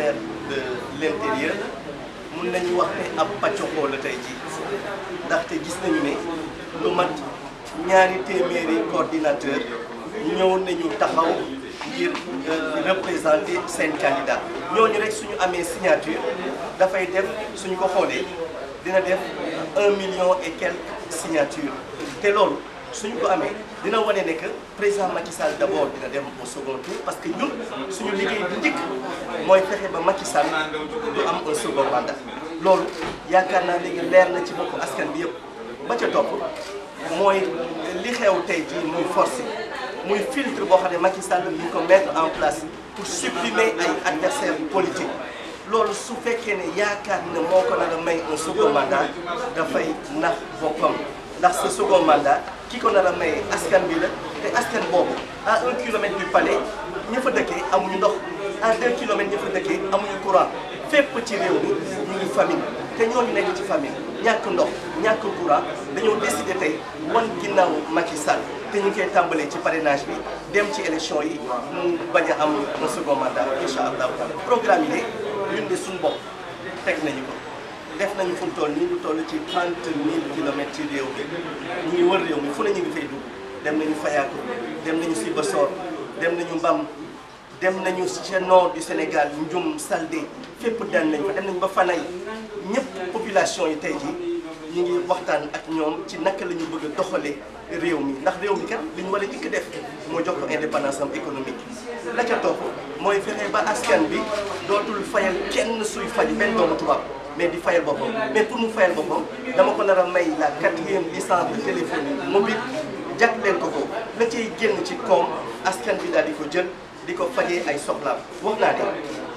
ministère de l'intérieur mun nañu wax ne ab pàccoxoo la tey ji ndaxte gis nañu ne lu mat ñaari téeméeri coordinateur ñëw nañu taxaw ngir euh, représenter seen candidat ñooñu rek suñu amee signature dafay dem suñu ko xoolee dina def un million et quelques signatures te loolu suñu ko amee dina wane ne que président Macky Sall d'abord dina dem au second tour parce que ñun suñu liggéey bu njëkk mooy fexe ba Macky Sall du am un second mandat loolu yaakaar naa léegi leer na ci boppu askan bi yëpp ba ca topp mooy li xew tey jii muy force muy filtre boo xam ne Macky Sall ñu ko mettre en place pour supprimer ay adversaires politiques loolu su fekkee ne yaakaar na moo ko nar a may un second mandat dafay nax boppam ndax ce second mandat ki ko nar a maye askan bi la te askan boobu à un kilomètre du palais ñu amuñu ndox. à deux kilomètres ñu fa dëkkee amuñu courant fépp ci réew mi ñu ngi famine te ñooñu nekk ci famine ñàkk ndox ñàkk courant dañoo décider tey wan ginnaaw Macky Sall te ñu ngi koy tàmbalee ci parrainage bi dem ci élection yi mu bañ a am un second mandat incha allahu taala programme yi de ñun suñu bopp teg nañu ko nañu fu mu toll toll ci trente mille ci réew mi ñu ngi wër réew mi fu ne ñu ngi fay dugg dem nañu Fayaako dem nañu Sibassor dem nañu Mbam. dem nañu ca nord du Sénégal Ndioum Saldé fépp daan nañ fa dem nañ ba Fanaye ñëpp population yi tey jii ñu ngi waxtaan ak ñoom ci naka la ñu bëgg a doxalee réew mi ndax réew mi kat li ñu a jëkk def moo jox ko indépendance la ca topp mooy fexe ba askan bi dootul fayal kenn suy faj benn doomu tubaab mais di fayal boppam mais pour mu fayal boppam dama ko nar a may la quatrième licence de yi mobile jagleel ko ko la cay génn ci koom askan bi daal di ko jël di ko fajee ay soxlaam wax naa ne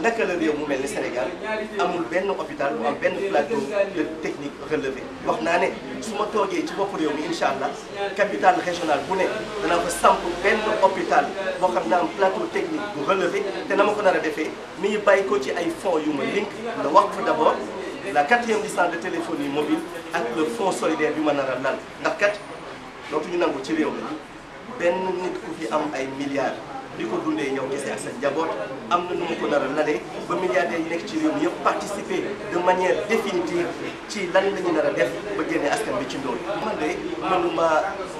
naka la réew mu mel ni Sénégal amul benn hôpital bu am benn plateau de technique relevé wax naa ne su ma toogee ci bopp réew mi incha allah capitale régionale bu ne danaa fa samp benn hôpital boo xam ne am plateau technique bu relevé te na ma ko nar a defee mi ngi bàyyi ko ci ay fonds yu ma link la wax fa d'abord la quatrième licence de téléphonie mobile ak le fonds solidaire bi ma nar a lal ndax kat dootuñu nangu ci réew mi benn nit am ay milliards di ko dundee yow kese ak sa njaboot am na nu mu ko nar a ba milliardaires yi nekk ci réew mi yëpp participer de manière définitive ci lan la ñu a def ba génnee askan bi ci ndóol. man de mënuma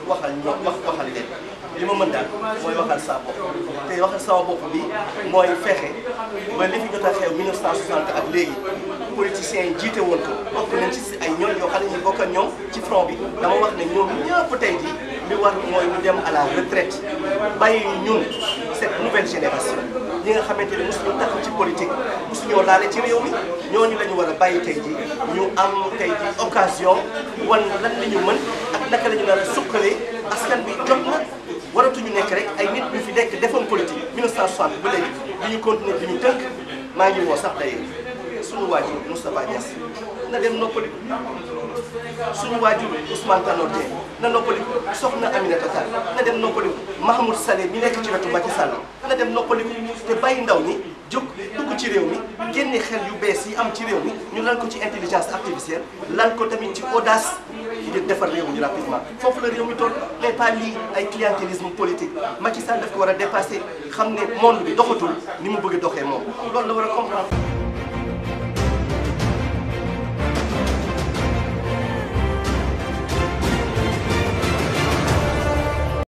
waxal ñoom wax waxal leen li ma mën daal mooy waxal saa bopp te waxal saa bopp bi mooy fexe ba li fi jot a xew 1960 ak léegi politiciens yi jiite woon ko bokk nañ ci ay ñoom yoo xam ne ñu ak ñoom ci front bi dama wax ne ñoom ñëpp tey jii li wa mooy ñu dem à la retraite bàyyi cette nouvelle génération ñi nga xamante ne mosuñu taxaw ci politique mosuñoo laale ci réew mi ñooñu la ñu war a bàyyi tey ji ñu am tey ji occasion wan lan la ñu mën ak naka la ñu nar a sukkalee askan bi jot na waratuñu nekk rek ay nit ñu fi nekk defoon politique 1960 ba léegi bi ñu continuer bi ñu tënk maa ngi woo sax tey suñu waajur Moustapha Niass na dem noppaliku suñu waajur Ousmane Tanor Dieng na noppaliku soxna Aminata Tall na dem noppaliku Mahmoud Saleh mi nekk ci wetu Macky Sall na dem noppaliku te bàyyi ndaw ñi jóg dugg ci réew mi génne xel yu bees yi am ci réew mi ñu lan ko ci intelligence artificielle lan ko tamit ci audace di defar réew mi rapidement foofu la réew mi toll mais pas lii ay clientélisme politique Macky Sall daf ko war a dépasser xam ne monde bi doxatul ni mu bëgg doxee moom loolu la war a comprendre